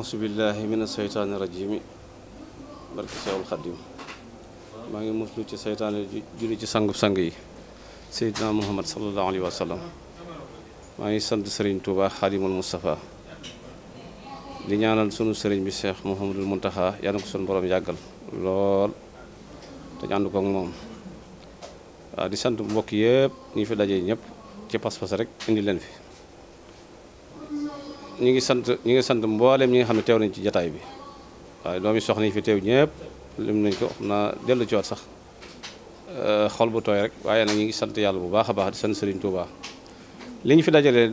ausu billahi min aseytaani rajimi barki seexul xadim maa ngi muslu ci seytaane julli ci sangu sang yi seydina muhammad salallahu alayhi wa maa ngi sant sëriñ tuuba xaadimul mustafa di ñaanal sunu sëriñ bi seex muhammadul muntaxa yal na ko sunu borom yàggal lool te ñu ànd moom waaw di sant mbokk yëpp ñu fi daje ñëpp ci pas-pas rek indi leen fi ñu ngi sant ñu ngi sant mbooleem ñi nga xam ne teew nañ ci jataay bi waaye doomi soxna ñu fi teew ñëpp lim nañ ko xam naa dellu ci waat sax euh, xol bu tooy rek waaye nag ñu ngi sant yàlla bu baax a baax di sant Serigne Touba li ñu fi dajale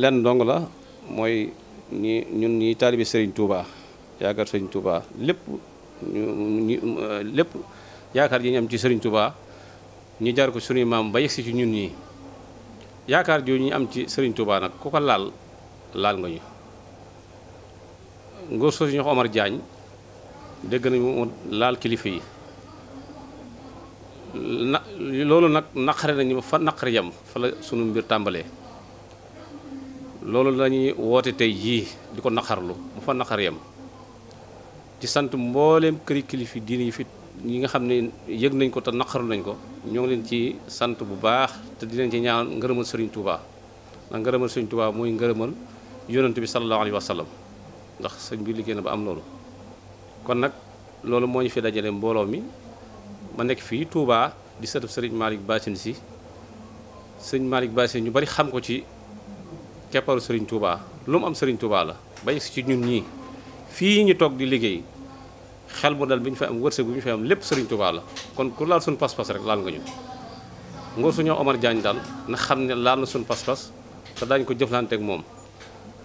lenn dong la mooy ñi ñun ñi taalibi Serigne Touba yaakaar Serigne Touba lépp ñu lépp yaakaar ji ñu ci Serigne Touba ñu jaar ko suñuy maam ba yegsi ñun ñi yaakaar jooju am ci Serigne Touba nag ku ko laal. laal nga ñu nguur soosu ñu wax Omar Diagne dégg nañu mu laal kilifa yi na loolu nag naqare nañu fa naqare yam fa la sunu mbir tàmbalee loolu lañuy woote tey jii di ko naqarlu mu fa naqar yam di sant mbooleem këri kilifi diine yi fi ñi nga xam ne yëg nañ ko te naqarlu nañ ko ñoo ngi leen ci sant bu baax te di dinañ ci ñaan ngërëmal Sëriñ Tuubaa ndax ngërëmal Sëriñ Tuubaa mooy ngërëmal yonent bi sallallahu alayhi wa sallam ndax sëñ bi liggéey na ba am loolu kon nag loolu moo ñu fi dajale mbooloo mi ma nekk fii Touba di sëtëb sëriñ Malick Bassine si sëñ Malick Bassine ñu bari xam ko ci kepparu sëriñ Touba lu mu am sëriñ Touba la ba si ci ñun ñii fii ñu toog di liggéey xel mu dal bi ñu fa am wërsëg bi ñu fa am lépp sëriñ Touba la kon ku laal suñu pas-pas rek laal nga ñu ngor suñoo Omar Diagne daal na xam ne laal na suñu pas-pas te daañu ko jëflante ak moom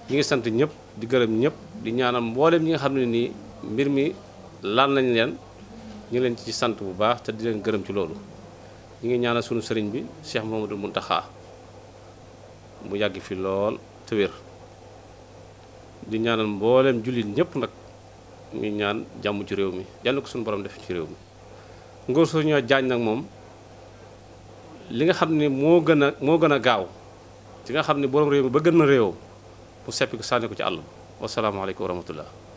ñi ngi sant ñëpp di gërëm ñëpp di ñaanal mboolem ñi nga xam ne nii mbir mi laal nañ leen ñu leen ci sant bu baax te di leen gërëm ci loolu ñi ngi ñaanal sunu sëriñ bi Cheikh Mouhamadou Mountakha mu yàgg fi lool te wér di ñaanal mbooleem jullit ñëpp nag ñu ñaan jàmm ci réew mi yal ko suñu borom def ci réew mi ngóor soo ñoo jaañ nag moom li nga xam ni moo gën a moo gën a gaaw ci nga xam ne borom réew mi ba gën a réew mu seppi ko sànni ko ci àll ba wasalaamaaleykum wa rahmatullah